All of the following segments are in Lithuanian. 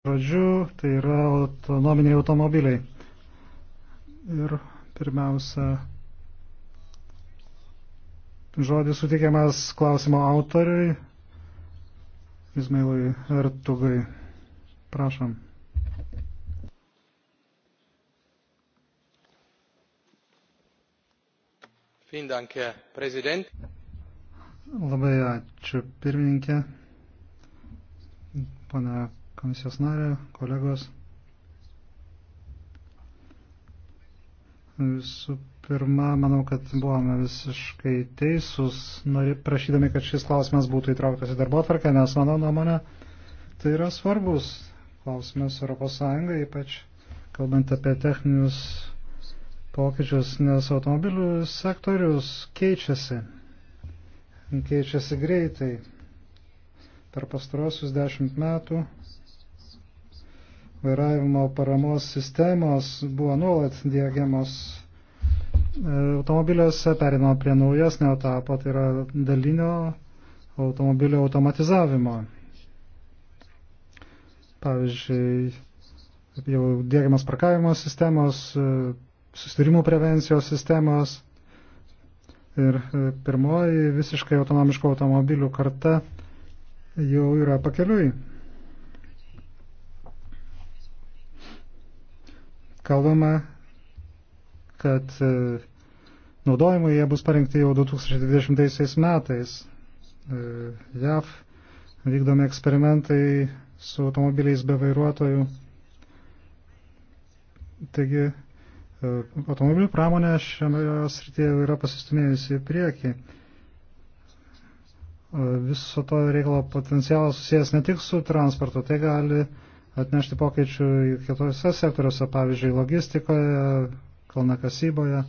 žodžiu, tai yra autonominiai automobiliai. Ir pirmiausia, žodis sutikiamas klausimo autoriui, Izmailui Ertugai. Prašom. Danke, Labai ačiū, pirmininkė. Pana komisijos narė, kolegos. Visų pirma, manau, kad buvome visiškai teisūs, prašydami, kad šis klausimas būtų įtrauktas į darbo atvarkę, nes mano nuomonė, tai yra svarbus klausimas Europos Sąjungai, ypač kalbant apie techninius pokyčius, nes automobilių sektorius keičiasi, keičiasi greitai. Per pastarosius dešimt metų vairavimo paramos sistemos buvo nuolat dėgiamos e, automobiliuose, perėmama prie naujesnio etapo, tai yra dalinio automobilio automatizavimo. Pavyzdžiui, jau dėgiamas parkavimo sistemos, e, susitarimų prevencijos sistemos ir e, pirmoji visiškai autonomiško automobilių karta jau yra pakeliui. kalbama, kad e, naudojimui jie bus parengti jau 2020 metais. E, JAV vykdomi eksperimentai su automobiliais be vairuotojų. Taigi, e, automobilių pramonė šiame srityje yra pasistumėjusi į priekį. Viso to reikalo potencialas susijęs ne tik su transportu, tai gali uh, atnešti pokyčių kitose sektoriuose, pavyzdžiui, logistikoje, kalnakasyboje.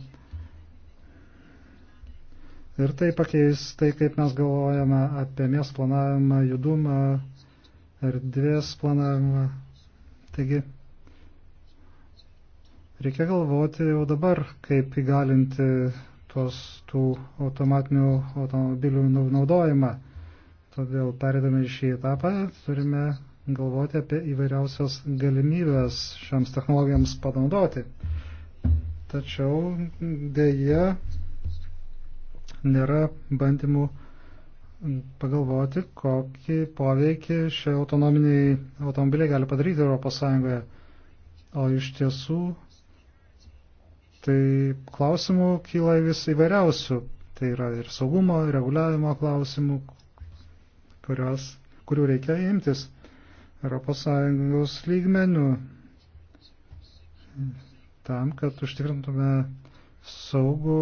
Ir tai pakeis tai, kaip mes galvojame apie miestų planavimą, judumą, erdvės planavimą. Taigi, reikia galvoti jau dabar, kaip įgalinti tuos tų automatinių automobilių naudojimą. Todėl perėdami šį etapą turime galvoti apie įvairiausias galimybės šiams technologijams panaudoti. Tačiau dėja nėra bandymų pagalvoti, kokį poveikį šie autonominiai automobiliai gali padaryti ES. O iš tiesų, tai klausimų kyla vis įvairiausių. Tai yra ir saugumo, reguliavimo klausimų, kurios, kurių reikia imtis. ES lygmenių tam, kad užtikrintume saugų,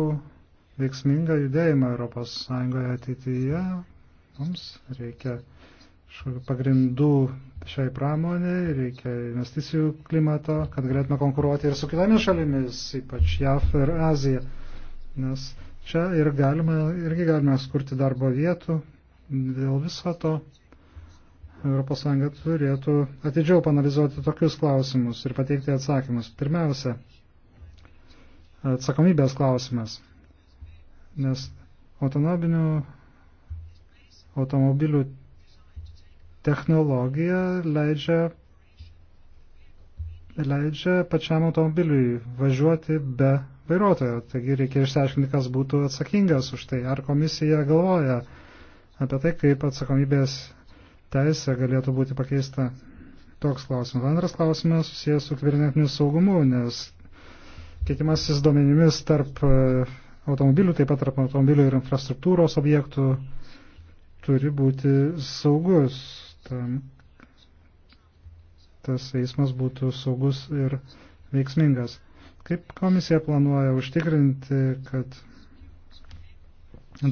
veiksmingą judėjimą ES ateityje. Mums reikia pagrindų šiai pramoniai, reikia investicijų klimato, kad galėtume konkuruoti ir su kitomis šalimis, ypač JAF ir Azija. Nes čia ir galima, irgi galime skurti darbo vietų. Dėl viso to ES turėtų atidžiau panalizuoti tokius klausimus ir pateikti atsakymus. Pirmiausia, atsakomybės klausimas, nes autonominių automobilių technologija leidžia, leidžia pačiam automobiliui važiuoti be vairuotojo. Taigi reikia išsiaiškinti, kas būtų atsakingas už tai. Ar komisija galvoja apie tai, kaip atsakomybės teisė galėtų būti pakeista toks klausimas. Antras klausimas susijęs su kibernetiniu saugumu, nes keitimasis duomenimis tarp e, automobilių, taip pat tarp automobilių ir infrastruktūros objektų turi būti saugus. Tam, tas eismas būtų saugus ir veiksmingas. Kaip komisija planuoja užtikrinti, kad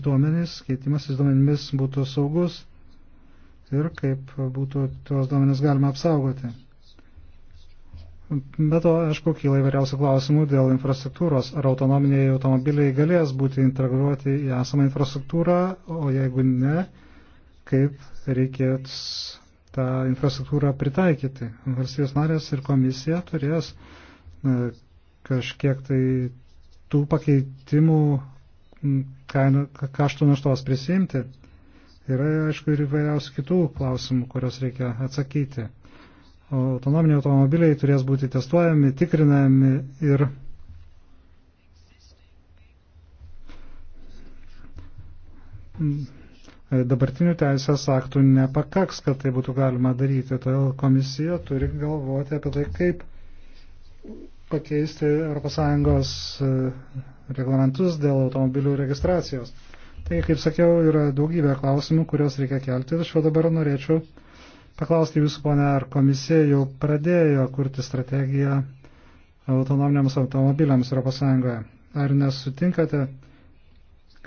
duomenys, keitimasis duomenimis būtų saugus ir kaip būtų tuos duomenis galima apsaugoti. Be to, aišku, kyla įvairiausių klausimų dėl infrastruktūros. Ar autonominiai automobiliai galės būti integruoti į esamą infrastruktūrą, o jeigu ne, kaip reikės tą infrastruktūrą pritaikyti. Valstybės narės ir komisija turės kažkiek tai tų pakeitimų kaštų naštos prisimti. Yra, aišku, ir įvairiausių kitų klausimų, kurios reikia atsakyti. O autonominiai automobiliai turės būti testuojami, tikrinami ir dabartinių teisės aktų nepakaks, kad tai būtų galima daryti. Todėl komisija turi galvoti apie tai, kaip pakeisti ES e, reglamentus dėl automobilių registracijos. Taigi, kaip sakiau, yra daugybė klausimų, kuriuos reikia kelti. Tačiau dabar norėčiau paklausti jūsų, ponė, ar komisija jau pradėjo kurti strategiją autonominiams automobiliams ES. Ar nesutinkate,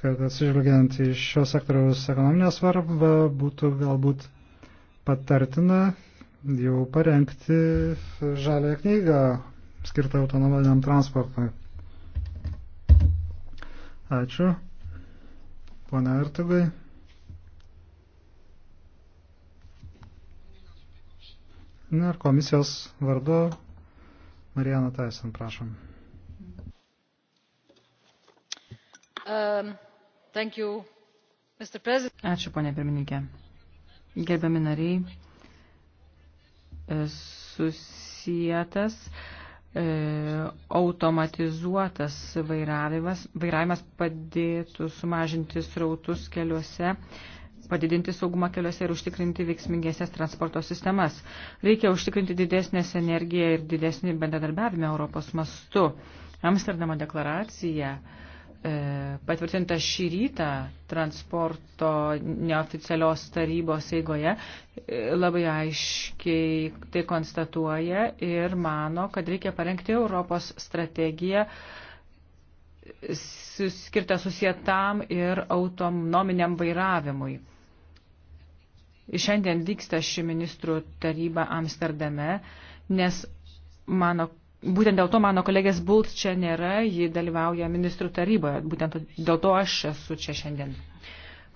kad atsižvelgiant į šio sektoriaus ekonominę svarbą būtų galbūt patartina jau parengti žalę knygą skirtą autonominiam transportui? Ačiū. Pone Artugai. Na ir komisijos vardu Marijana Taisen, prašom. Um, thank you, Mr. President. Ačiū, ponė pirmininkė. Gerbiami nariai, susijęs e, automatizuotas vairavimas, vairavimas padėtų sumažinti srautus keliuose, padidinti saugumą keliuose ir užtikrinti veiksmingesnės transporto sistemas. Reikia užtikrinti didesnės energiją ir didesnį bendradarbiavimą Europos mastu. Amsterdamo deklaracija e, E, patvirtinta šį rytą transporto neoficialios tarybos eigoje, e, labai aiškiai tai konstatuoja ir mano, kad reikia parengti Europos strategiją skirtą susietam ir autonominiam vairavimui. Šiandien vyksta ši ministrų taryba Amsterdame, nes mano Būtent dėl to mano kolegės Bult čia nėra, ji dalyvauja ministrų taryboje, būtent dėl to aš esu čia šiandien.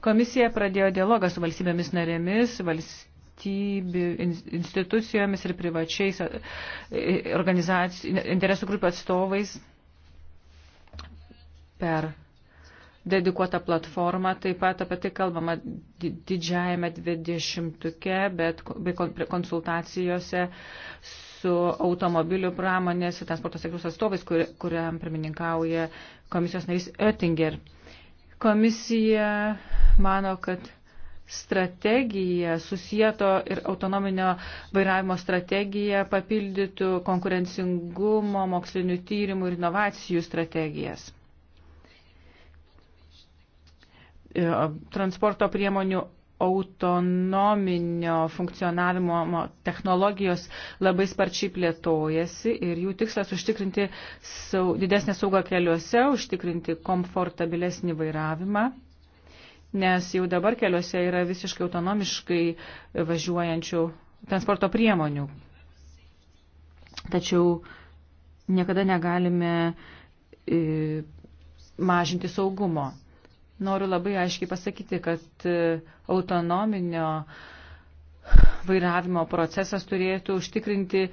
Komisija pradėjo dialogą su valstybėmis narėmis, valstybių institucijomis ir privačiais e, interesų grupių atstovais per dedikuotą platformą. Taip pat apie tai kalbama didžiajame dvidešimtuke, bet konsultacijose su automobilių pramonės ir transporto sektoriaus atstovais, kur, kuriam pirmininkauja komisijos narys Oettinger. Komisija mano, kad strategija, susieto ir autonominio vairavimo strategija papildytų konkurencingumo, mokslinių tyrimų ir inovacijų strategijas. E, transporto priemonių autonominio funkcionavimo technologijos labai sparčiai plėtojasi ir jų tikslas užtikrinti sau, didesnę saugą keliuose, užtikrinti komfortabilesnį vairavimą, nes jau dabar keliuose yra visiškai autonomiškai važiuojančių transporto priemonių. Tačiau niekada negalime e, mažinti saugumo. Noriu labai aiškiai pasakyti, kad e, autonominio vairavimo procesas turėtų užtikrinti e,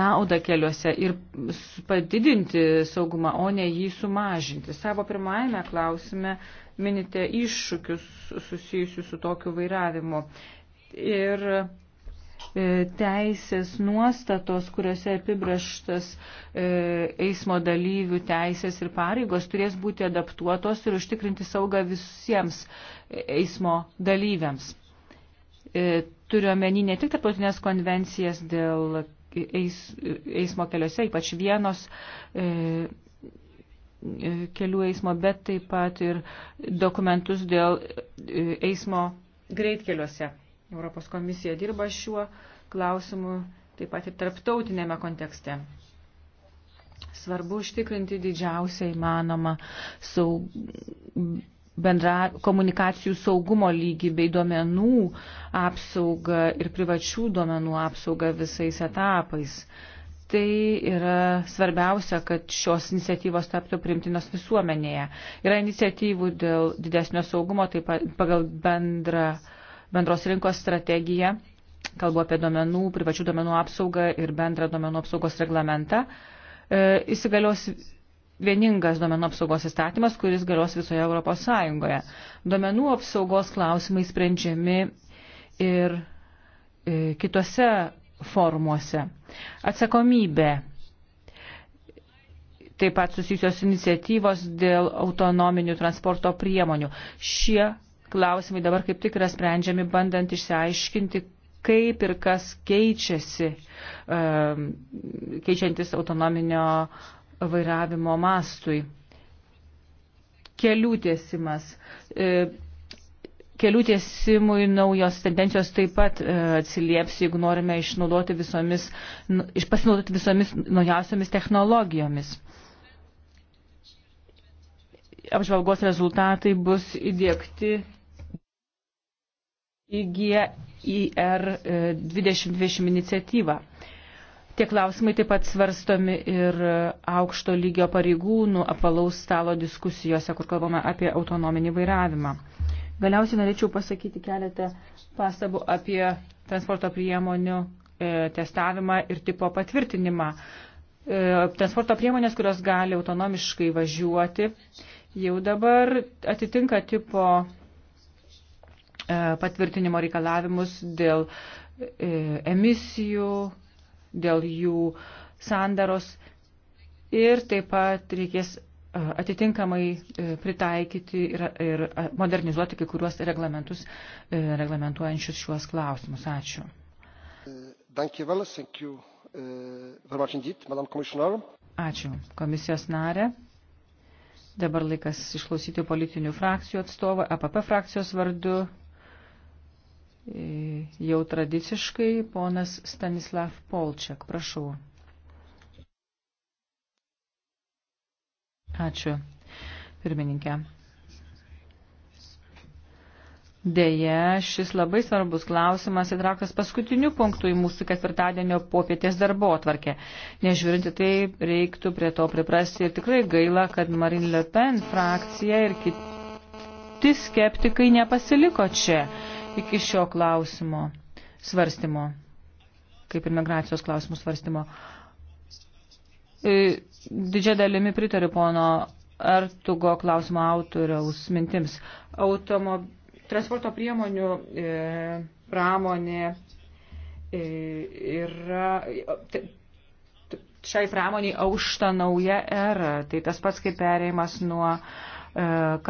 naudą keliuose ir padidinti saugumą, o ne jį sumažinti. Savo pirmajame klausime minite iššūkius susijusius su tokiu vairavimu. Ir E, teisės nuostatos, kuriuose apibrieštas e, eismo dalyvių teisės ir pareigos, turės būti adaptuotos ir užtikrinti saugą visiems eismo dalyviams. E, Turiuomenį ne tik tarptautinės konvencijas dėl eis, eismo keliuose, ypač vienos kelių eismo, bet taip pat ir dokumentus dėl eismo greitkeliuose. Europos komisija dirba šiuo klausimu taip pat ir tarptautinėme kontekste. Svarbu užtikrinti didžiausią įmanomą saug... bendra... komunikacijų saugumo lygį bei duomenų apsaugą ir privačių duomenų apsaugą visais etapais. Tai yra svarbiausia, kad šios iniciatyvos taptų primtinos visuomenėje. Yra iniciatyvų dėl didesnio saugumo, taip pat pagal bendrą uh, bendros rinkos strategiją, kalbu apie domenų, privačių domenų apsaugą ir bendrą domenų apsaugos reglamentą, e, įsigalios vieningas domenų apsaugos įstatymas, kuris galios visoje Europos Sąjungoje. Domenų apsaugos klausimai sprendžiami ir e, kitose formuose. Atsakomybė taip pat susijusios iniciatyvos dėl autonominių transporto priemonių. Šie klausimai dabar kaip tik yra sprendžiami, bandant išsiaiškinti, kaip ir kas keičiasi, ehm, keičiantis autonominio vairavimo mastui. Kelių tiesimas. E, kelių tiesimui naujos tendencijos taip pat e, atsilieps, jeigu norime išnaudoti visomis, pasinaudoti visomis naujausiomis technologijomis apžvalgos rezultatai bus įdėkti IGIR 2020 e, iniciatyvą. Tie klausimai taip pat svarstomi ir aukšto lygio pareigūnų apvalaus stalo diskusijose, kur kalbame apie autonominį vairavimą. Galiausiai norėčiau pasakyti keletą pastabų apie transporto priemonių e, testavimą ir tipo patvirtinimą. E, transporto priemonės, kurios gali autonomiškai važiuoti, jau dabar atitinka tipo E, patvirtinimo reikalavimus dėl e, emisijų, dėl jų sandaros ir taip pat reikės e, atitinkamai pritaikyti ir, ir modernizuoti kai kuriuos reglamentus, reglamentuojančius šiuos klausimus. Ačiū. Ačiū, komisijos narė. Dabar laikas išklausyti politinių frakcijų atstovą, APP frakcijos vardu jau tradiciškai ponas Stanislav Polčiak. Prašau. Ačiū, pirmininkė. Deja, šis labai svarbus klausimas įtrauktas paskutiniu punktu į mūsų ketvirtadienio popietės darbo atvarkę. Nežiūrinti tai, reiktų prie to priprasti ir tikrai gaila, kad Marine Le Pen frakcija ir kiti skeptikai nepasiliko čia iki šio klausimo svarstymo, kaip ir migracijos klausimų svarstymo. E, didžia dalimi pritariu pono Artugo klausimo autoriaus mintims. Automo, transporto priemonių e, pramonė e, yra. Te, šiai pramoniai aušta nauja era. Tai tas pats kaip perėjimas nuo e,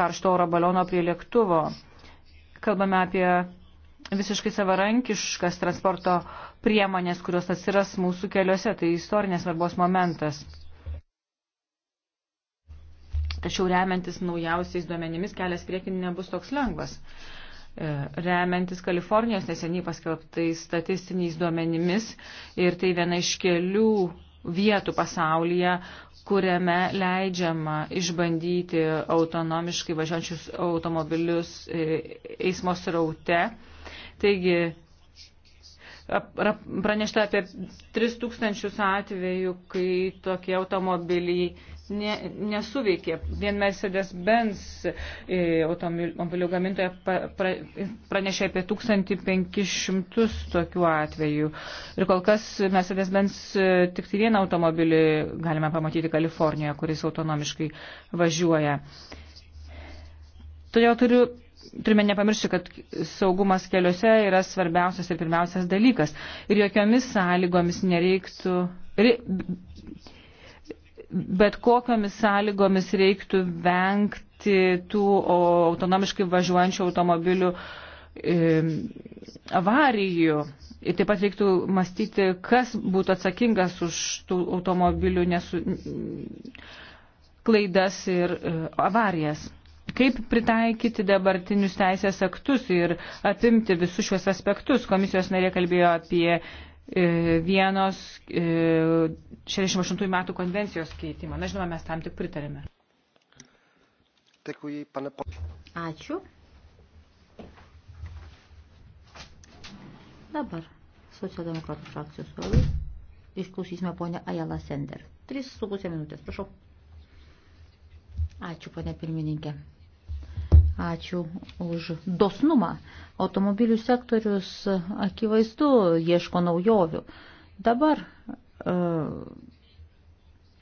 karšto oro baliono prie lėktuvo. E, Kalbame apie visiškai savarankiškas transporto priemonės, kurios atsiras mūsų keliuose. Tai istorinės svarbos momentas. Tačiau remiantis naujausiais duomenimis, kelias priekin nebus toks lengvas. E, remiantis Kalifornijos neseniai paskelbtais statistiniais duomenimis ir tai viena iš kelių vietų pasaulyje, kuriame leidžiama išbandyti autonomiškai važiuojančius automobilius e, eismo sraute. Taigi, pranešta apie 3000 atvejų, kai tokie automobiliai ne, nesuveikė. Vien Mercedes-Benz e, automobilių gamintoje pranešė apie 1500 tokių atvejų. Ir kol kas Mercedes-Benz e, tik tai vieną automobilį galime pamatyti Kalifornijoje, kuris autonomiškai važiuoja. Todėl turiu turime nepamiršti, kad saugumas keliuose yra svarbiausias ir pirmiausias dalykas. Ir jokiomis sąlygomis nereiktų. Ir bet kokiamis sąlygomis reiktų vengti tų autonomiškai važiuojančių automobilių avarijų. Ir taip pat reiktų mąstyti, kas būtų atsakingas už tų automobilių nesu, klaidas ir e, avarijas. Kaip pritaikyti dabartinius teisės aktus ir apimti visus šios aspektus? Komisijos narė kalbėjo apie E, vienos 68 e, metų konvencijos keitimą. Na, žinoma, mes tam tik pritarėme. Ačiū. Dabar socialdemokratų frakcijos vadovai išklausysime ponę Ajala Sender. 3,5 minutės, prašau. Ačiū, ponė pirmininkė. Ačiū už dosnumą. Automobilių sektorius akivaizdu ieško naujovių. Dabar e,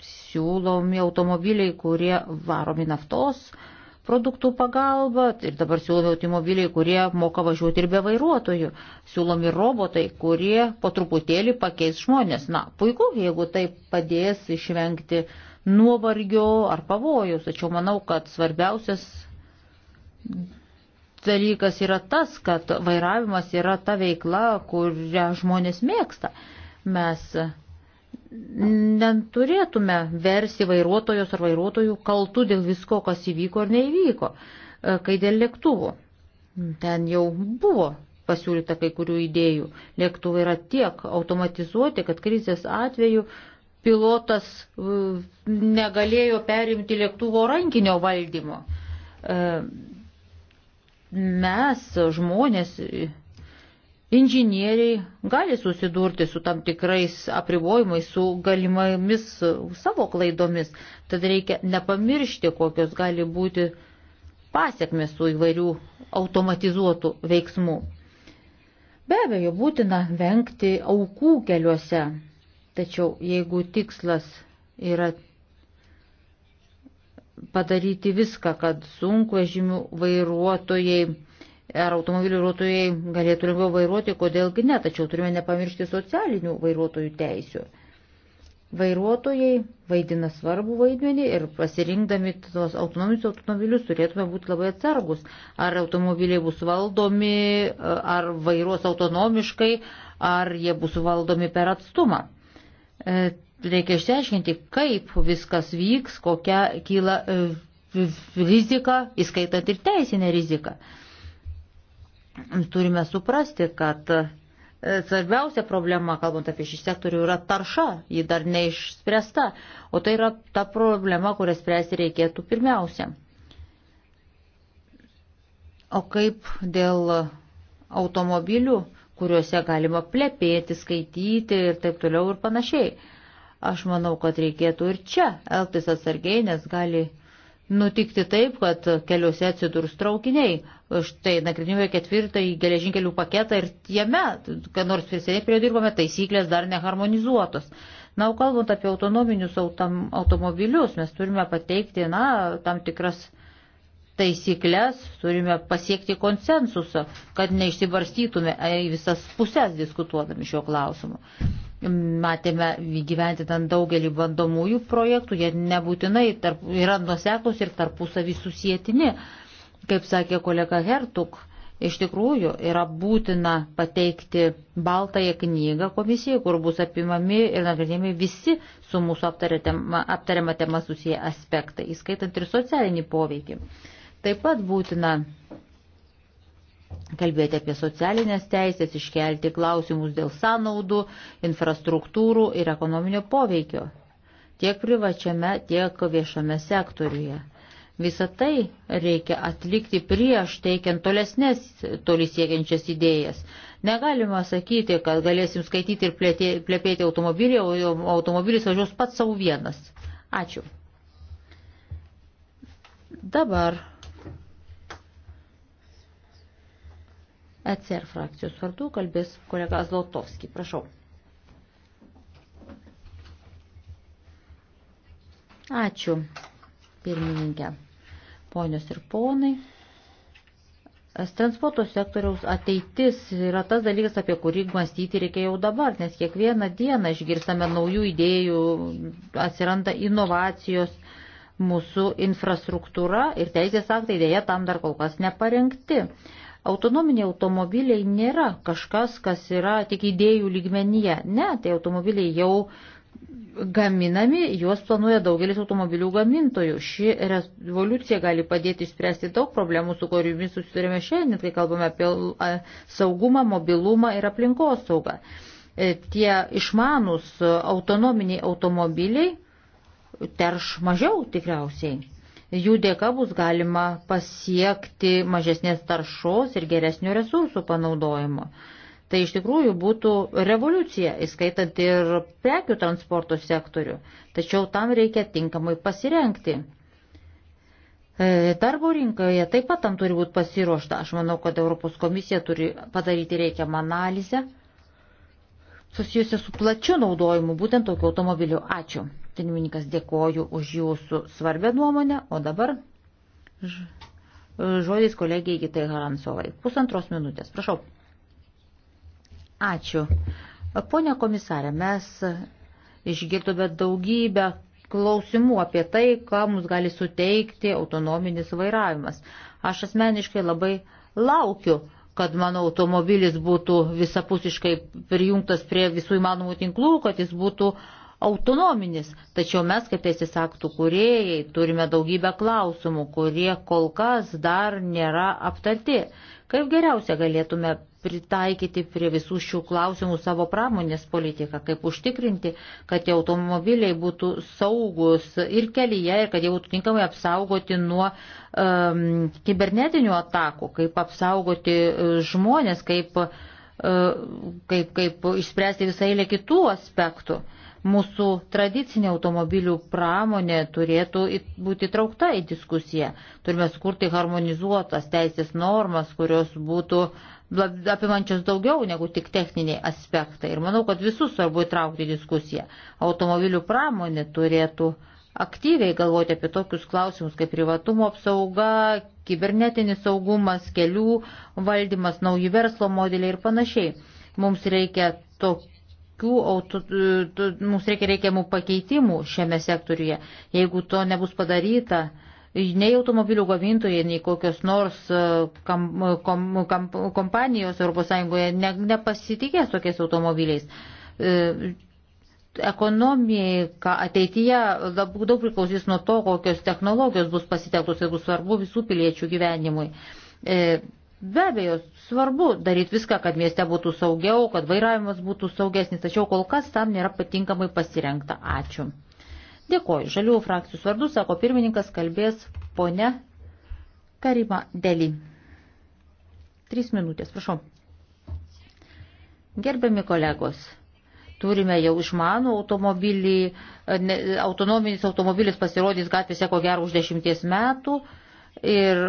siūlomi automobiliai, kurie varomi naftos produktų pagalba ir dabar siūlomi automobiliai, kurie moka važiuoti ir be vairuotojų. Siūlomi robotai, kurie po truputėlį pakeis žmonės. Na, puiku, jeigu tai padės išvengti nuovargio ar pavojus. Tačiau manau, kad svarbiausias dalykas yra tas, kad vairavimas yra ta veikla, kurią žmonės mėgsta. Mes neturėtume versi vairuotojos ar vairuotojų kaltų dėl visko, kas įvyko ar neįvyko, e, kai dėl lėktuvų. Ten jau buvo pasiūlyta kai kurių idėjų. Lėktuvai yra tiek automatizuoti, kad krizės atveju pilotas e, negalėjo perimti lėktuvo rankinio valdymo e, mes, žmonės, inžinieriai, gali susidurti su tam tikrais apribojimais, su galimaimis savo klaidomis. Tad reikia nepamiršti, kokios gali būti pasiekmes tų įvairių automatizuotų veiksmų. Be abejo, būtina vengti aukų keliuose. Tačiau jeigu tikslas yra padaryti viską, kad sunkvežimių vairuotojai ar automobilių vairuotojai galėtų lengviau vairuoti, kodėlgi ne, tačiau turime nepamiršti socialinių vairuotojų teisių. Vairuotojai vaidina svarbų vaidmenį ir pasirinkdami tuos autonominius automobilius turėtume būti labai atsargus. Ar automobiliai bus valdomi, ar vairuos autonomiškai, ar jie bus valdomi per atstumą. E, reikia išsiaiškinti, kaip viskas vyks, kokia kyla e, rizika, įskaitant ir teisinę riziką. Turime suprasti, kad e, svarbiausia problema, kalbant apie šį sektorių, yra tarša, ji dar neišspręsta, o tai yra ta problema, kurią spręsti reikėtų pirmiausia. O kaip dėl automobilių, kuriuose galima plepėti, skaityti ir taip toliau ir panašiai. Aš manau, kad reikėtų ir čia elgtis atsargiai, nes gali nutikti taip, kad keliuose atsidurs traukiniai. Štai nagrinėjome ketvirtąjį geležinkelių paketą ir jame, kad nors prisėdė prie dirbome, taisyklės dar neharmonizuotos. Na, o kalbant apie autonominius autom, automobilius, mes turime pateikti, na, tam tikras taisyklės, turime pasiekti konsensusą, kad neišsibarstytume į visas pusės diskutuodami šio klausimu matėme gyventinant daugelį bandomųjų projektų, jie nebūtinai tarp, yra nuseklus ir tarpusavį susijėtini. Kaip sakė kolega Hertuk, iš tikrųjų yra būtina pateikti baltąją knygą komisijai, kur bus apimami ir nagrinėjami visi su mūsų aptariama tema susiję aspektai, įskaitant ir socialinį poveikį. Taip pat būtina kalbėti apie socialinės teisės, iškelti klausimus dėl sąnaudų, infrastruktūrų ir ekonominio poveikio tiek privačiame, tiek viešame sektoriuje. Visą tai reikia atlikti prieš teikiant tolesnės toli siekiančias idėjas. Negalima sakyti, kad galėsim skaityti ir plėtė, plėpėti automobilį, o automobilis važiuos pats savo vienas. Ačiū. Dabar ECR frakcijos vardu kalbės kolega Zlotovski. Prašau. Ačiū, pirmininkė. Ponios ir ponai, transporto sektoriaus ateitis yra tas dalykas, apie kurį mąstyti reikia jau dabar, nes kiekvieną dieną išgirstame naujų idėjų, atsiranda inovacijos, mūsų infrastruktūra ir teisės aktai dėja tam dar kol kas neparengti. Autonominiai automobiliai nėra kažkas, kas yra tik idėjų lygmenyje. Ne, tai automobiliai jau gaminami, juos planuoja daugelis automobilių gamintojų. Ši revoliucija gali padėti išspręsti daug problemų, su kuriomis susidurime šiandien, kai kalbame apie saugumą, mobilumą ir aplinkos saugą. E, tie išmanus autonominiai automobiliai terš mažiau tikriausiai. Jų dėka bus galima pasiekti mažesnės taršos ir geresnio resursų panaudojimo. Tai iš tikrųjų būtų revoliucija, įskaitant ir prekių transporto sektorių. Tačiau tam reikia tinkamai pasirenkti. E, darbo rinkoje taip pat tam turi būti pasiruošta. Aš manau, kad Europos komisija turi padaryti reikiamą analizę susijusią su plačiu naudojimu būtent tokių automobilių. Ačiū. Pirmininkas dėkoju už jūsų svarbę nuomonę, o dabar žodis kolegijai Gitai Haransovai. Pusantros minutės, prašau. Ačiū. Pone komisarė, mes išgirdome daugybę klausimų apie tai, ką mums gali suteikti autonominis vairavimas. Aš asmeniškai labai laukiu, kad mano automobilis būtų visapusiškai prijungtas prie visų įmanomų tinklų, kad jis būtų uh, autonominis, tačiau mes kaip teisės aktų kuriejai turime daugybę klausimų, kurie kol kas dar nėra aptarti. Kaip geriausia galėtume pritaikyti prie visų šių klausimų savo pramonės politiką, kaip užtikrinti, kad tie automobiliai būtų saugus ir kelyje, ir kad jie būtų tinkamai apsaugoti nuo um, kibernetinių atakų, kaip apsaugoti uh, žmonės, kaip, uh, kaip, kaip išspręsti visą eilę kitų aspektų. Uh, Mūsų tradicinė automobilių pramonė turėtų būti traukta į diskusiją. Turime skurti harmonizuotas teisės normas, kurios būtų apimančios daugiau negu tik techniniai aspektai. Ir manau, kad visus svarbu įtraukti į diskusiją. Automobilių pramonė turėtų aktyviai galvoti apie tokius klausimus kaip privatumo apsauga, kibernetinis saugumas, kelių valdymas, nauji verslo modeliai ir panašiai. Mums reikia tokių kokių auto, e, mums reikia reikiamų pakeitimų šiame sektoriuje. Jeigu to nebus padaryta, nei automobilių gamintojai, nei kokios nors e, kam, kom, kom, kompanijos ES ne, nepasitikės tokiais automobiliais. E, ekonomika ateityje daug, daug priklausys nuo to, kokios technologijos bus pasitelktos ir tai bus svarbu visų piliečių gyvenimui Be abejo, svarbu daryti viską, kad mieste būtų saugiau, kad vairavimas būtų saugesnis, tačiau kol kas tam nėra patinkamai pasirengta. Ačiū. Dėkoju. Žaliųjų frakcijų svardu, sako pirmininkas, kalbės ponia Karima Deli. Trys minutės, prašau. Gerbiami kolegos, turime jau išmanų automobilį, autonominis automobilis pasirodys gatvėse ko gero už dešimties metų ir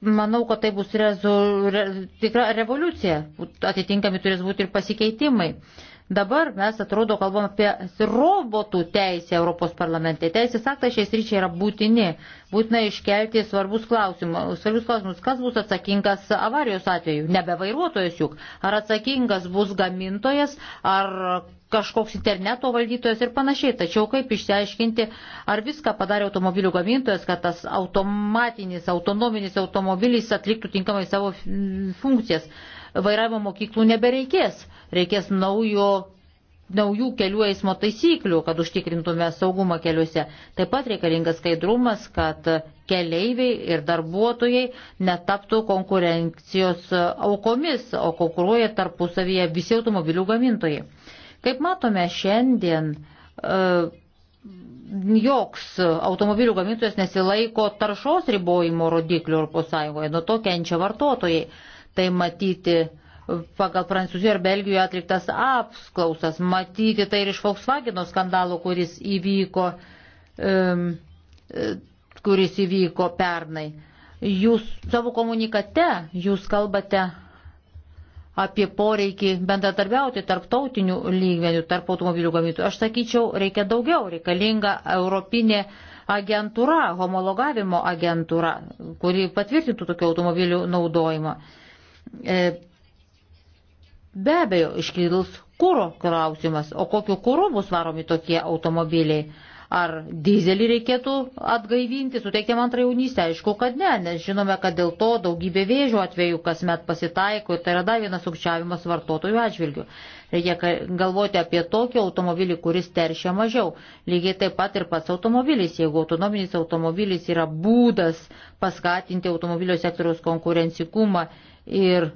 manau, kad tai bus rezu, re, tikra revoliucija. Atitinkami turės būti ir pasikeitimai. E, Dabar mes atrodo kalbam apie robotų teisę Europos parlamente. Teisės aktai šiais ryčiai yra būtini. Būtina iškelti svarbus klausimus. Svarbus klausimus, kas bus atsakingas avarijos atveju? Nebe vairuotojas juk. Ar atsakingas bus gamintojas, ar kažkoks interneto valdytojas ir panašiai. Tačiau kaip išsiaiškinti, ar viską padarė automobilių gamintojas, kad tas automatinis, autonominis automobilis atliktų tinkamai savo funkcijas vairavimo mokyklų nebereikės. Reikės naujo, naujų kelių eismo taisyklių, kad užtikrintume saugumą keliuose. Taip pat reikalingas skaidrumas, kad keleiviai ir darbuotojai netaptų konkurencijos aukomis, o konkuruoja tarpusavyje visi automobilių gamintojai. Kaip matome šiandien, e, joks automobilių gamintojas nesilaiko taršos ribojimo rodiklių ES, nuo to kenčia vartotojai. Tai matyti pagal Prancūzijoje ir Belgijoje atliktas apklausas, matyti tai ir iš Volkswageno skandalo, kuris įvyko, um, kuris įvyko pernai. Jūs savo komunikate, jūs kalbate apie poreikį bendradarbiauti tarptautinių lygmenių, tarp automobilių gamintojų. Aš sakyčiau, reikia daugiau, reikalinga europinė agentūra, homologavimo agentūra, kuri patvirtintų tokių automobilių naudojimą. E, be abejo, iškilus kūro klausimas, o kokiu kūru bus varomi tokie automobiliai. Ar dizelį reikėtų atgaivinti, suteikti man antrą jaunystę? Aišku, kad ne, nes žinome, kad dėl to daugybė vėžių atvejų kasmet pasitaiko ir tai yra dar vienas sukčiavimas vartotojų atžvilgių. Reikia galvoti apie tokį automobilį, kuris teršia mažiau. Lygiai taip pat ir pats automobilis. Jeigu autonominis automobilis yra būdas paskatinti automobilio sektoriaus konkurencingumą ir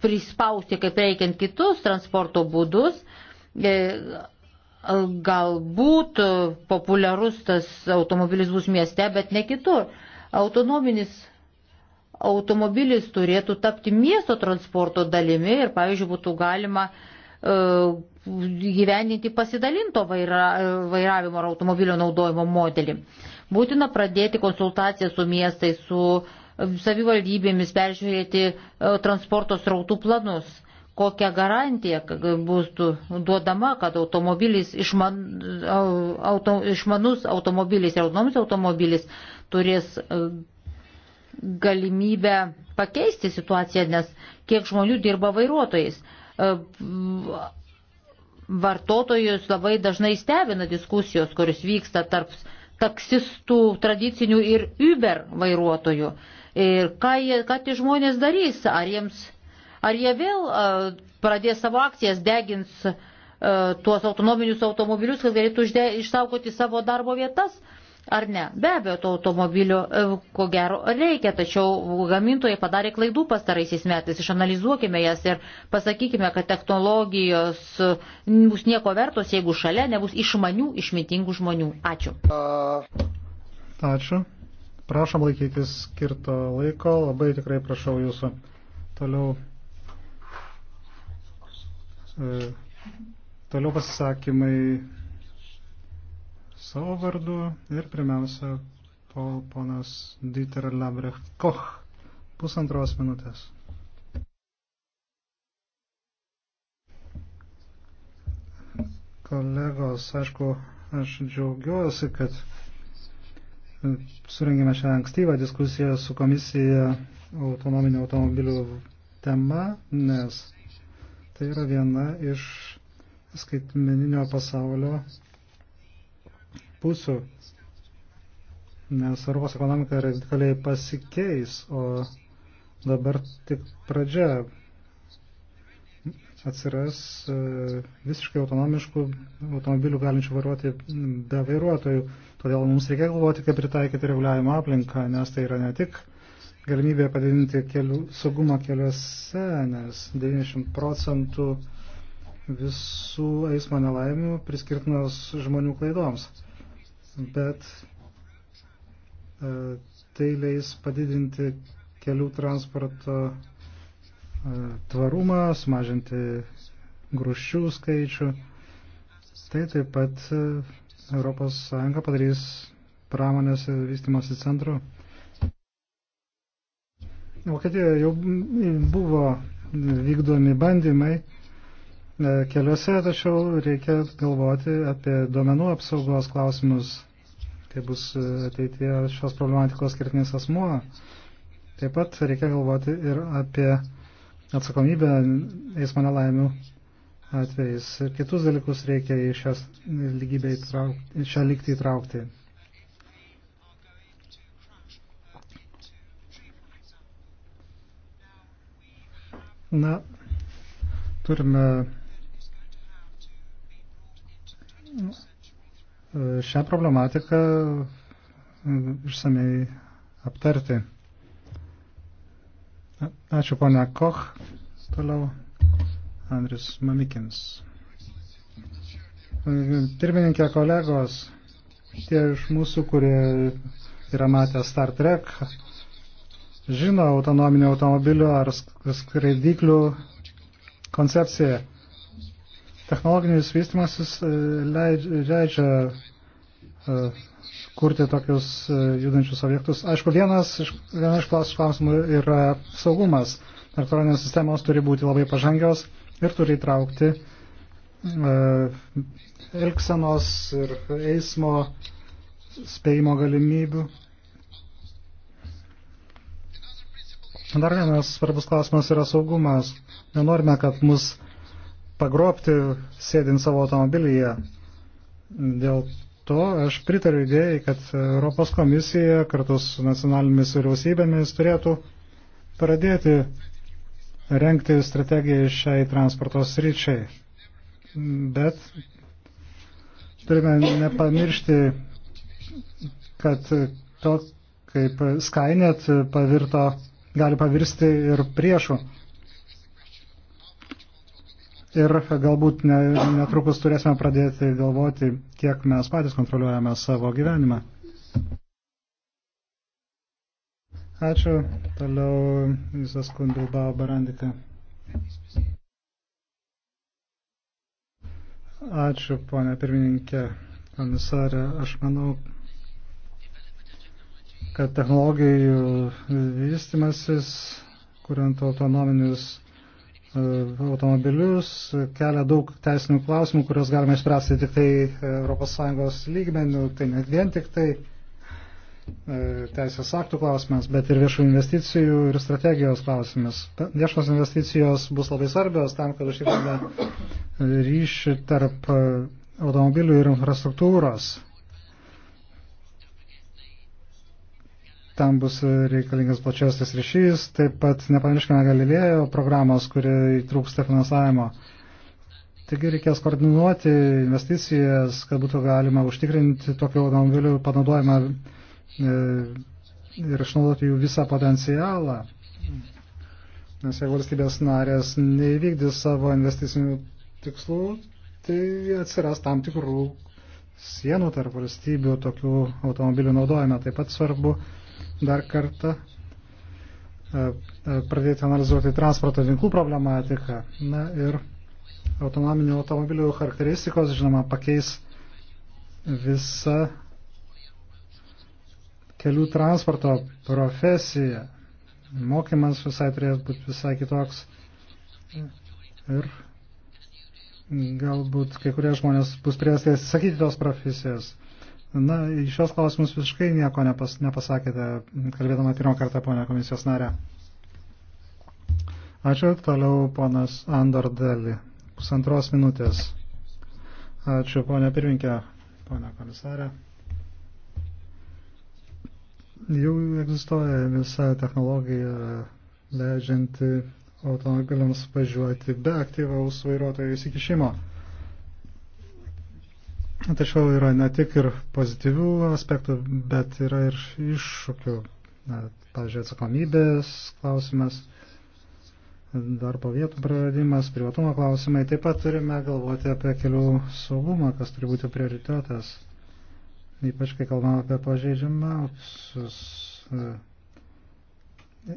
prispausti kaip reikiant kitus transporto būdus. E, galbūt populiarus tas automobilis bus mieste, bet ne kitur. Autonominis automobilis turėtų tapti miesto transporto dalimi ir, pavyzdžiui, būtų galima e, gyveninti pasidalinto vaira, e, vairavimo ar automobilio naudojimo modelį. Būtina pradėti konsultaciją su miestais, su uh, savivaldybėmis peržiūrėti e, transporto srautų planus, kokią garantiją bus duodama, kad automobilis išman, auto, išmanus automobilis ir autonomis automobilis turės e, galimybę pakeisti situaciją, nes kiek žmonių dirba vairuotojais. E, vartotojus labai dažnai stebina diskusijos, kuris vyksta tarp taksistų, tradicinių ir Uber vairuotojų. Ir ką, jie, ką tie žmonės darys, ar, jiems, ar jie vėl uh, pradės savo akcijas, degins uh, tuos autonominius automobilius, kad galėtų užde, išsaugoti savo darbo vietas, ar ne. Be abejo, to automobilio uh, ko gero reikia, tačiau gamintojai padarė klaidų pastaraisiais metais, išanalizuokime jas ir pasakykime, kad technologijos e, bus nieko vertos, jeigu šalia nebus išmanių, išmintingų žmonių. Ačiū. Ačiū. Prašom laikytis skirto laiko, labai tikrai prašau jūsų. Toliau, e, toliau pasisakymai savo vardu ir pirmiausia po ponas Dieter Labrecht Koch pusantros minutės. kolegos, aišku, aš džiaugiuosi, kad surengėme šią ankstyvą diskusiją su komisija autonominio automobilių tema, nes tai yra viena iš skaitmeninio pasaulio pusių, nes Europos ekonomika radikaliai pasikeis, o dabar tik pradžia atsiras e, visiškai autonomiškų automobilių galinčių vairuoti be vairuotojų. Todėl mums reikia galvoti, kaip pritaikyti reguliavimo aplinką, nes tai yra ne tik galimybė padidinti kelių, saugumą keliuose, nes 90 procentų visų eismo nelaimių priskirtinos žmonių klaidoms. Bet e, tai leis padidinti kelių transporto e, tvarumą, sumažinti grušių skaičių. Tai taip pat e, Europos Sąjunga padarys pramonės vystimosi centru. Vokietijoje jau buvo vykdomi bandymai e, keliuose, tačiau reikia galvoti apie duomenų apsaugos klausimus, kai bus ateitie šios problematikos skirtinis asmuo. Taip pat reikia galvoti ir apie atsakomybę eismo nelaimių atvejais. Ir kitus dalykus reikia į, šias lygybę įtraukti, į šią lygtį įtraukti. Na, turime e, šią problematiką e, išsamei aptarti. Ačiū ponia Koch. Toliau Andris Mamikins. Pirmininkė kolegos, tie iš mūsų, kurie yra matę Star Trek, žino autonominio automobilio ar skraidyklių koncepciją. Technologinis vystimasis e, leidžia e, kurti tokius e, judančius objektus. Aišku, vienas iš, viena iš klausimų yra saugumas. Elektroninės sistemos turi būti labai pažangios ir turi įtraukti e, elksenos ir eismo spėjimo galimybių. Dar vienas svarbus klausimas yra saugumas. Nenorime, kad mus pagrobti sėdint savo automobilyje. Dėl to aš pritariu idėjai, kad Europos komisija kartu su nacionalinėmis vyriausybėmis turėtų pradėti renkti strategiją šiai transporto sryčiai. Bet turime nepamiršti, kad to, kaip Skynet pavirto, gali pavirsti ir priešų. Ir galbūt ne, netrukus turėsime pradėti galvoti, kiek mes patys kontroliuojame savo gyvenimą. Ačiū. Toliau visas Kundilbao Barandika. Ačiū, ponia pirmininkė, komisarė. Aš manau, kad technologijų vystimasis, kuriant autonominius e, automobilius, kelia daug teisinių klausimų, kuriuos galime išspręsti tik tai ES lygmenių, tai net vien tik tai E, teisės aktų klausimas, bet ir viešų investicijų ir strategijos klausimas. Viešos investicijos bus labai svarbios tam, kad užtikrintume ryšį tarp e, automobilių ir infrastruktūros. Tam bus reikalingas plačiausias ryšys, taip pat nepamirškime Galilėjo programos, kuri trūksta finansavimo. Taigi reikės koordinuoti investicijas, kad būtų galima užtikrinti tokių automobilių panaudojimą E, ir išnaudoti jų visą potencialą. Nes jeigu valstybės narės neįvykdys savo investicinių tikslų, tai atsiras tam tikrų sienų tarp valstybių tokių automobilių naudojame. Taip pat svarbu dar kartą e, e, pradėti analizuoti transporto tinklų problematiką. Na ir autonominių automobilių charakteristikos, žinoma, pakeis visą Kelių transporto profesija, mokymas visai turėtų būti visai kitoks. Ir galbūt kai kurie žmonės bus priesti atsisakyti tos profesijos. Na, į šios klausimus visiškai nieko nepas, nepasakėte, kalbėdama pirmą kartą, ponia komisijos narė. Ačiū, toliau ponas Andor Deli. Pusantros minutės. Ačiū, ponia pirminkė, ponia komisarė. Jau egzistuoja visa technologija leidžianti automobiliams važiuoti be aktyvaus vairuotojo įsikišimo. Tačiau yra ne tik ir pozityvių aspektų, bet yra ir iššūkių. Pavyzdžiui, atsakomybės klausimas, darbo vietų praradimas, privatumo klausimai. Taip pat turime galvoti apie kelių saugumą, kas turi būti prioritetas ypač kai kalbame apie pažeidžiamiausius e,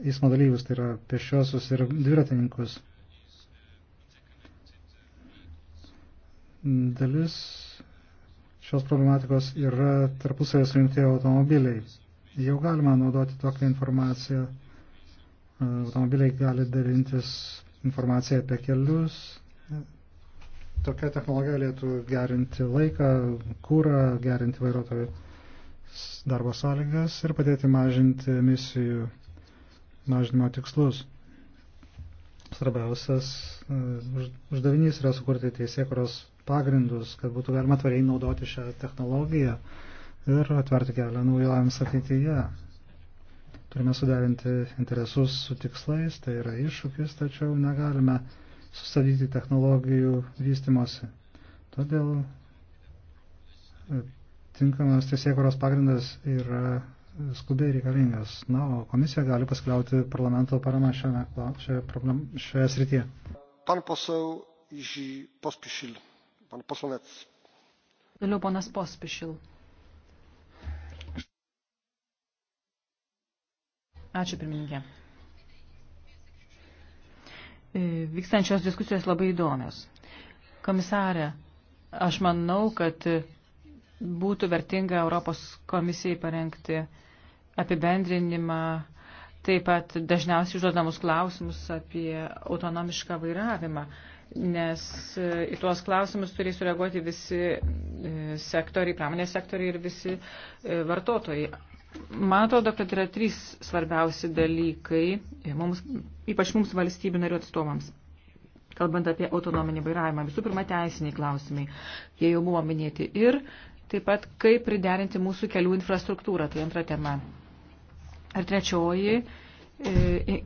eismo dalyvius, tai yra pešiosius ir dviratininkus. Dalis šios problematikos yra tarpusavės sujungti automobiliai. Jau galima naudoti tokią informaciją. Automobiliai gali dalintis informaciją apie kelius, Tokia technologija galėtų gerinti laiką, kūrą, gerinti vairuotojų darbo sąlygas ir padėti mažinti emisijų mažinimo tikslus. Svarbiausias e, uždavinys yra sukurti teisėkuros pagrindus, kad būtų galima tvariai naudoti šią technologiją ir atverti kelią naujovėms ateityje. Turime suderinti interesus su tikslais, tai yra iššūkis, tačiau negalime uh, sustabdyti technologijų vystimosi. Todėl e, tinkamas teisėkuros pagrindas yra skubiai reikalingas. Na, o komisija gali paskliauti parlamento parama šiame, šioje, problem, šioje srityje. Pan posel Iži Pospišil. Pan poslanec. Toliau ponas Pospišil. Ačiū pirmininkė. E, vykstančios diskusijos labai įdomios. Komisarė, aš manau, kad būtų vertinga Europos komisijai parengti apibendrinimą, taip pat dažniausiai užduodamus klausimus apie autonomišką vairavimą, nes e, į tuos klausimus turės sureaguoti visi e, sektoriai, pramonės sektoriai ir visi vartotojai. Man atrodo, kad yra trys svarbiausi dalykai, e, mums, ypač mums valstybių narių atstovams. Kalbant apie autonominį vairavimą, visų pirma, teisiniai klausimai, jie jau buvo minėti. Ir taip pat, kaip priderinti mūsų kelių infrastruktūrą, tai antra tema. Ir trečioji, e, e,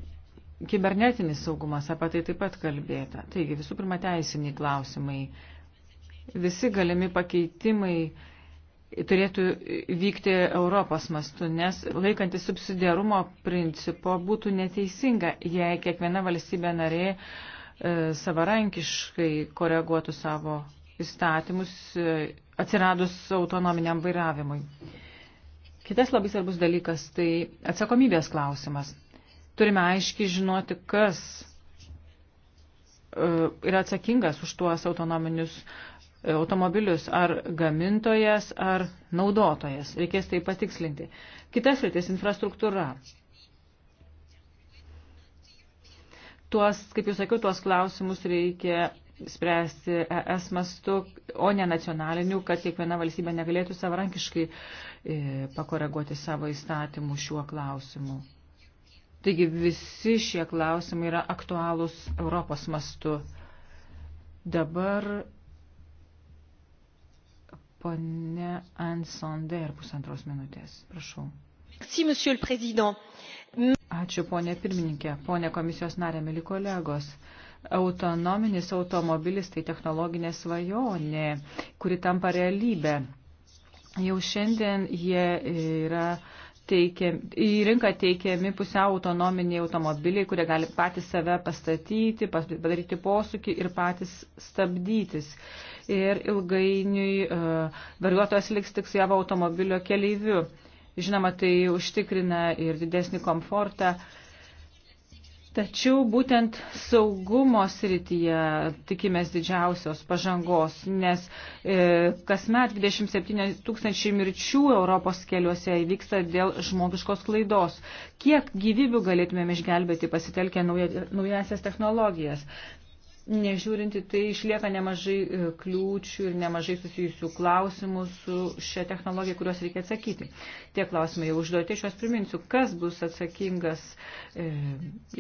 kibernetinis saugumas, apie tai taip pat kalbėta. Taigi, visų pirma, teisiniai klausimai, visi galimi pakeitimai turėtų vykti Europos mastu, nes laikantis subsidiarumo principo būtų neteisinga, jei kiekviena valstybė narė e, savarankiškai koreguotų savo įstatymus e, atsiradus autonominiam vairavimui. Kitas labai svarbus dalykas - tai atsakomybės klausimas. Turime aiškiai žinoti, kas e, yra atsakingas už tuos autonominius uh, automobilius ar gamintojas, ar naudotojas. Reikės tai patikslinti. Kitas rytis – infrastruktūra. Tuos, kaip jūs sakiau, tuos klausimus reikia spręsti ES mastu, o ne nacionaliniu, kad kiekviena valstybė negalėtų savarankiškai e, pakoreguoti savo įstatymų šiuo klausimu. Taigi visi šie klausimai yra aktualūs Europos mastu. Dabar Pone Ansonder, pusantros minutės. Prašau. Ačiū, ponė pirmininkė, ponė komisijos narė, mili kolegos. Autonominis automobilis tai technologinė svajonė, kuri tampa realybė. Jau šiandien jie yra teikiam, į rinką teikiami pusiau autonominiai automobiliai, kurie gali patys save pastatyti, padaryti posūkį ir patys stabdytis ir ilgainiui vairuotojas e, liks tik su javo automobilio keleiviu. Žinoma, tai užtikrina ir didesnį komfortą. Tačiau būtent saugumo srityje tikimės didžiausios pažangos, nes e, kasmet 27 tūkstančiai mirčių Europos keliuose įvyksta dėl žmogiškos klaidos. Kiek gyvybių galėtumėm išgelbėti pasitelkę nauja, naujasias technologijas? nežiūrinti tai išlieka nemažai e, kliūčių ir nemažai susijusių klausimų su šia technologija, kuriuos reikia atsakyti. Tie klausimai jau užduoti, aš juos priminsiu, kas bus atsakingas e,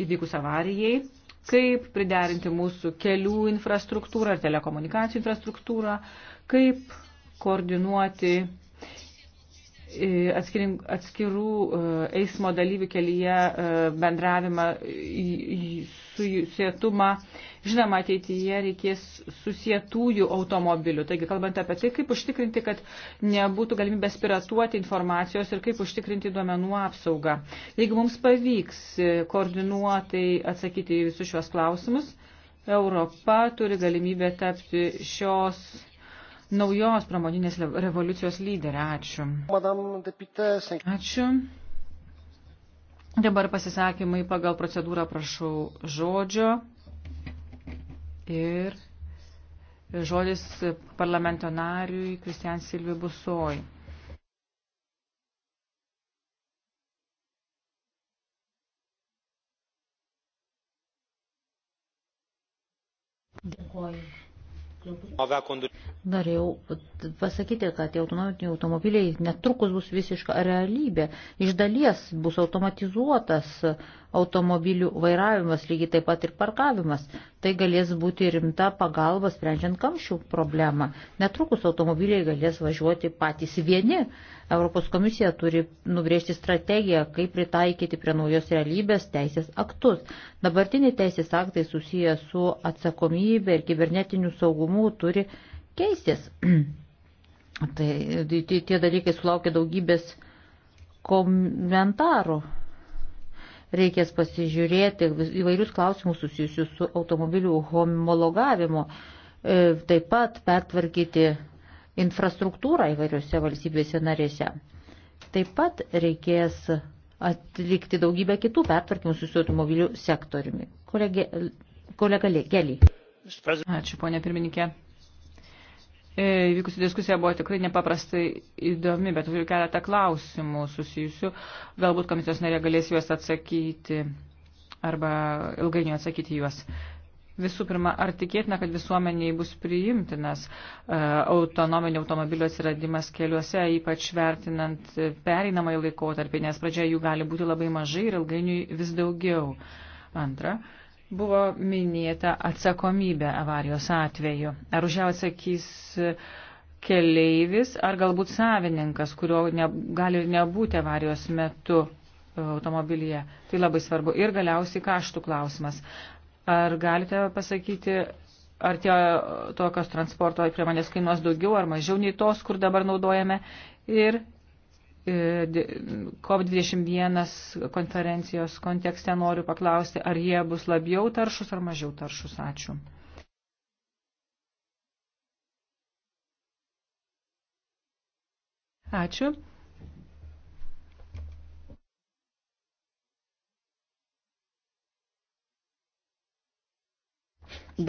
įvykus avarijai, kaip priderinti mūsų kelių infrastruktūrą ar telekomunikacijų infrastruktūrą, kaip koordinuoti atskirų e, eismo dalyvių kelyje e, bendravimą, susietumą. Žinoma, ateityje reikės susietųjų automobilių. Taigi, kalbant apie tai, kaip užtikrinti, kad nebūtų galimybės piratuoti informacijos ir kaip užtikrinti duomenų apsaugą. Jeigu mums pavyks e, koordinuotai atsakyti į visus šios klausimus, Europa turi galimybę tapti šios naujos pramoninės revoliucijos lyderė. Ačiū. Ačiū. Dabar pasisakymai pagal procedūrą prašau žodžio ir žodis parlamento nariui Kristian Silvi Busoj. Dėkuoju. Norėjau pasakyti, kad autonominiai automobiliai netrukus bus visiška realybė. Iš dalies bus automatizuotas uh, automobilių vairavimas, lygiai taip pat ir parkavimas. Tai galės būti rimta pagalba sprendžiant kamščių problemą. Netrukus automobiliai galės važiuoti patys vieni. Europos komisija turi nubrėžti strategiją, kaip pritaikyti prie naujos realybės teisės aktus. Dabartiniai teisės aktai susiję su atsakomybė ir kibernetiniu saugumu turi keistis. Tai, tai tie dalykai sulaukia daugybės komentarų reikės pasižiūrėti įvairius klausimus susijusius su automobilių homologavimu, e, taip pat pertvarkyti infrastruktūrą įvairiose valstybėse narėse. Taip pat reikės atlikti daugybę kitų pertvarkymų su automobilių sektoriumi. Kolegė, kolega Lėkelį. Ačiū, ponė pirmininkė. E, vykusi diskusija buvo tikrai nepaprastai įdomi, bet turiu keletą klausimų susijusių. Galbūt komisijos narė galės juos atsakyti arba ilgainiui atsakyti juos. Visų pirma, ar tikėtina, kad visuomeniai bus priimtinas e, autonominio automobilio atsiradimas keliuose, ypač vertinant pereinamąjį laikotarpį, nes pradžioje jų gali būti labai mažai ir ilgainiui vis daugiau. Antra, Buvo minėta atsakomybė avarijos atveju. Ar už ją atsakys e, keleivis, ar galbūt savininkas, kurio ne, gali ir nebūti avarijos metu e, automobilyje. Tai labai svarbu. Ir galiausiai kaštų klausimas. Ar galite pasakyti, ar tie tokios transporto priemonės kainuos daugiau ar mažiau nei tos, kur dabar naudojame? Ir E, COP21 konferencijos kontekste noriu paklausti, ar jie bus labiau taršus ar mažiau taršus. Ačiū. Ačiū.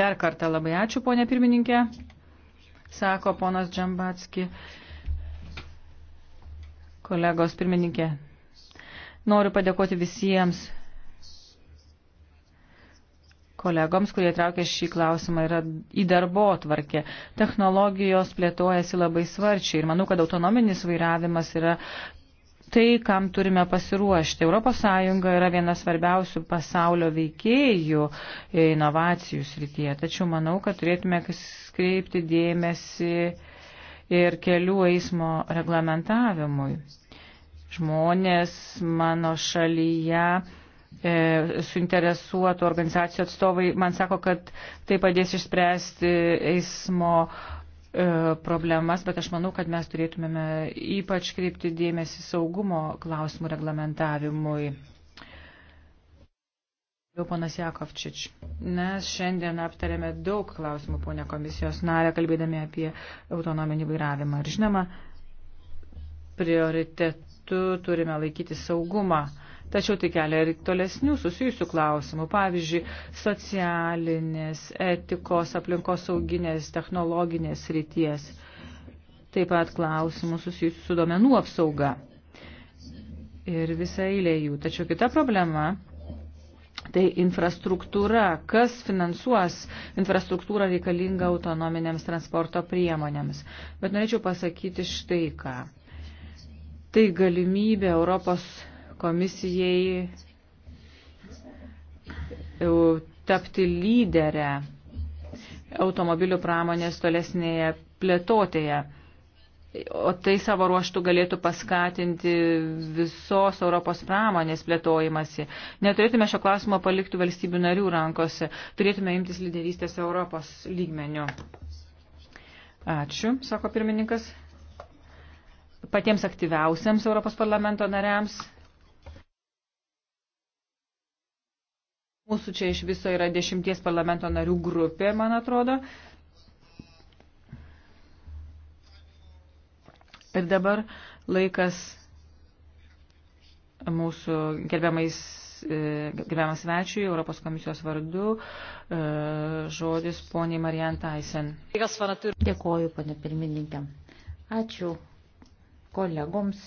Dar kartą labai ačiū, ponė pirmininkė, sako ponas Džambatski kolegos pirmininkė. Noriu padėkoti visiems kolegoms, kurie traukė šį klausimą yra į darbo tvarkę. Technologijos plėtojasi labai svarčiai ir manau, kad autonominis vairavimas yra tai, kam turime pasiruošti. ES yra vienas svarbiausių pasaulio veikėjų inovacijų srityje, tačiau manau, kad turėtume kreipti dėmesį ir kelių eismo reglamentavimui. Žmonės mano šalyje e, suinteresuotų organizacijų atstovai man sako, kad tai padės išspręsti eismo e, problemas, bet aš manau, kad mes turėtumėme ypač kreipti dėmesį saugumo klausimų reglamentavimui. Jau panas Jakovčič, mes šiandien aptarėme daug klausimų, ponė komisijos narė, kalbėdami apie autonominį vairavimą. Ir žinoma, prioritetu turime laikyti saugumą. Tačiau tai kelia ir tolesnių susijusių klausimų, pavyzdžiui, socialinės, etikos, aplinkos sauginės, technologinės ryties. Taip pat klausimų susijusių su duomenų apsauga. Ir visa eilė jų. Tačiau kita problema Tai infrastruktūra, kas finansuos infrastruktūrą reikalingą autonominėms transporto priemonėms. Bet norėčiau pasakyti štai ką. Tai galimybė Europos komisijai tapti lyderę automobilių pramonės tolesnėje plėtotėje o tai savo ruoštų galėtų paskatinti visos Europos pramonės plėtojimasi. Neturėtume šio klausimo palikti valstybių narių rankose, turėtume imtis lyderystės Europos lygmenių. Ačiū, sako pirmininkas. Patiems aktyviausiams Europos parlamento nariams. Mūsų čia iš viso yra dešimties parlamento narių grupė, man atrodo. Bet dabar laikas mūsų gerbiamais, e, gerbiamam svečiui Europos komisijos vardu e, žodis poniai Marian Taisen. Dėkoju, ponė pirmininkė. Ačiū kolegoms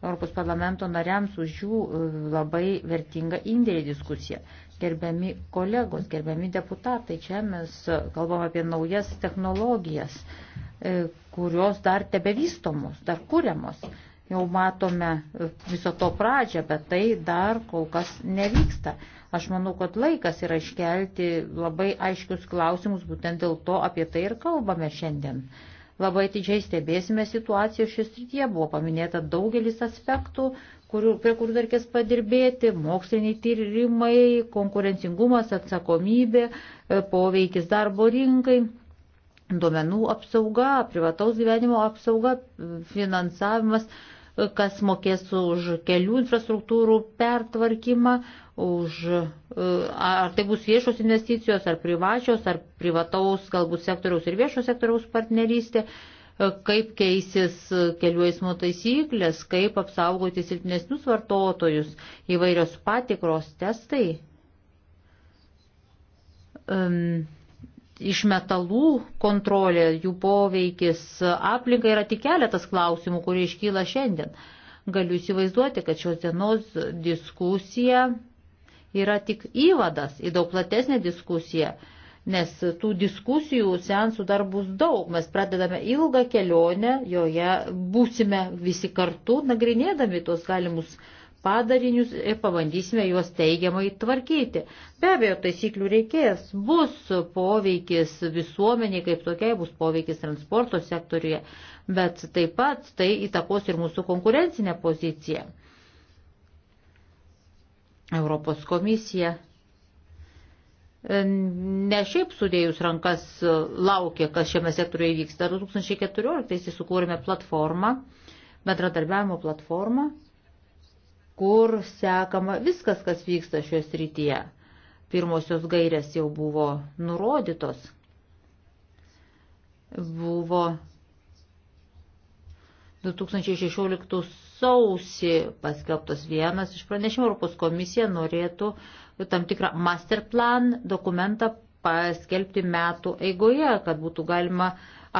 Europos parlamento nariams už jų e, labai vertingą indėlį diskusiją. Gerbiami kolegos, gerbiami deputatai, čia mes kalbam apie naujas technologijas, E, kurios dar tebevystomos, dar kūriamos. Jau matome e, viso to pradžią, bet tai dar kol kas nevyksta. Aš manau, kad laikas yra iškelti labai aiškius klausimus, būtent dėl to apie tai ir kalbame šiandien. Labai atidžiai stebėsime situaciją šis rytie, buvo paminėta daugelis aspektų, kurių, prie kurių dar reikės padirbėti, moksliniai tyrimai, konkurencingumas, atsakomybė, e, poveikis darbo rinkai duomenų apsauga, privataus gyvenimo apsauga, finansavimas, kas mokės už kelių infrastruktūrų pertvarkymą, už, e, ar tai bus viešos investicijos, ar privačios, ar privataus galbūt sektoriaus ir viešo sektoriaus partnerystė, e, kaip keisis kelių eismo taisyklės, kaip apsaugoti silpnesnius vartotojus, įvairios patikros testai. Um, iš metalų kontrolė, jų poveikis aplinkai yra tik keletas klausimų, kurie iškyla šiandien. Galiu įsivaizduoti, kad šios dienos diskusija yra tik įvadas į daug platesnę diskusiją, nes tų diskusijų sensų dar bus daug. Mes pradedame ilgą kelionę, joje būsime visi kartu nagrinėdami tuos galimus padarinius ir pabandysime juos teigiamai tvarkyti. Be abejo, taisyklių reikės, bus poveikis visuomeniai kaip tokiai, bus poveikis transporto sektoriuje, bet taip pat tai įtakos ir mūsų konkurencinę poziciją. Europos komisija e, ne šiaip sudėjus rankas e, laukia, kas šiame sektoriuje vyksta. 2014 sukūrėme platformą, bendradarbiavimo platformą kur sekama viskas, kas vyksta šios rytyje. Pirmosios gairės jau buvo nurodytos. Buvo 2016 sausį paskelbtas vienas iš pranešimų Europos komisija norėtų tam tikrą masterplan dokumentą paskelbti metų eigoje, kad būtų galima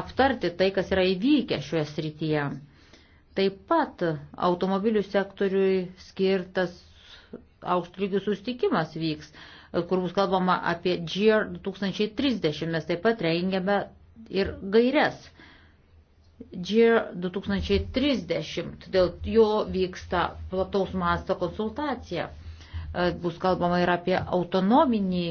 aptarti tai, kas yra įvykę šioje srityje. Taip pat automobilių sektoriui skirtas aukštų lygių sustikimas vyks, kur bus kalbama apie GR 2030. Mes taip pat rengiame ir gairias. GR 2030, dėl jo vyksta plataus masto konsultacija. Bus kalbama ir apie autonominį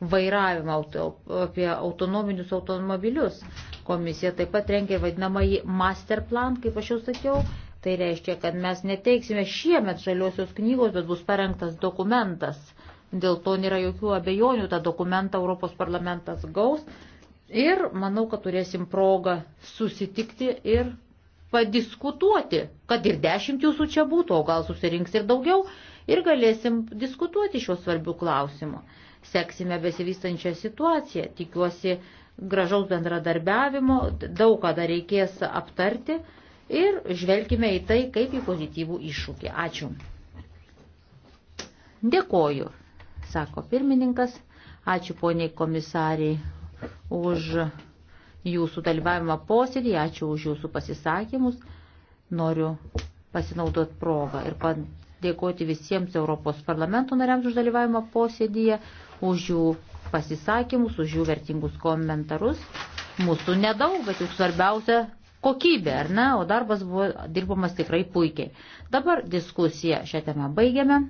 vairavimą, auto, apie autonominius automobilius. Komisija taip pat rengia vadinamąjį master plan, kaip aš jau sakiau. Tai reiškia, kad mes neteiksime šiemet žaliosios knygos, bet bus parengtas dokumentas. Dėl to nėra jokių abejonių, tą dokumentą Europos parlamentas gaus. Ir manau, kad turėsim progą susitikti ir padiskutuoti, kad ir dešimt jūsų čia būtų, o gal susirinks ir daugiau, ir galėsim diskutuoti šiuo svarbiu klausimu seksime besivystančią situaciją. Tikiuosi gražaus bendradarbiavimo, daug ką dar reikės aptarti ir žvelgime į tai kaip į pozityvų iššūkį. Ačiū. Dėkoju, sako pirmininkas. Ačiū poniai komisariai už jūsų dalyvavimą posėdį, ačiū už jūsų pasisakymus. Noriu pasinaudoti progą ir padėkoti visiems Europos parlamento nariams už dalyvavimą posėdyje už jų pasisakymus, už jų vertingus komentarus. Mūsų nedaug, bet juk svarbiausia kokybė, ar ne, o darbas buvo dirbamas tikrai puikiai. Dabar diskusiją šią temą baigiame.